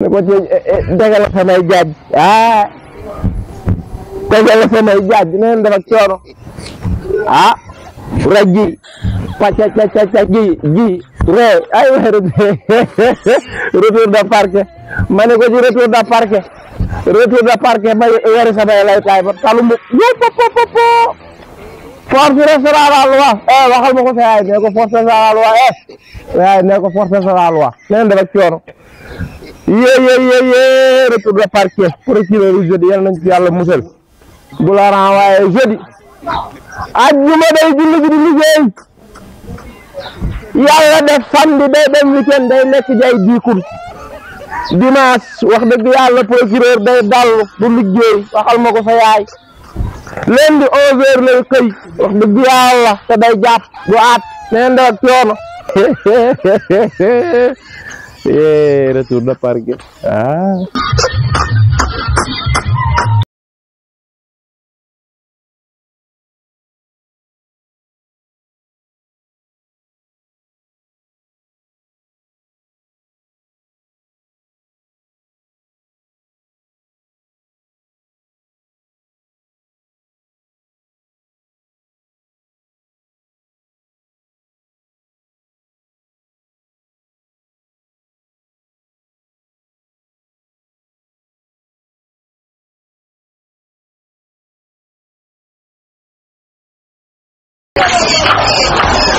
ne ko eh, eh, tegal samay jaaj ah tegal samay jaaj dina leen def ak coono ah raggi pàcc pàcc pàcc gi gi ree ay waay retour de parquet ma ne ko ci retour de parquet retour de parquet ma yore samay laytaay ba talu mu yo popopopo force restera la loi eh waxal ma ko sa yaay ne ko force restera la loi eh yaay ne ko force restera la loi dina leen def ak coono yée yée yée yée retour procureur yal nañ yàlla musal bu la renvoyé jeudi day julli ji di liggéey yàlla def samedi day dem weekend day nekk jay diikul dimanche wax dëgg yàlla procureur day dal du liggéey waxal ma ko sa yaay lundi onze heures lay xëy wax dëgg yàlla te day jàpp du aat neen def ak coono ஏ ரத்து பாருங்க ஆ Thank you.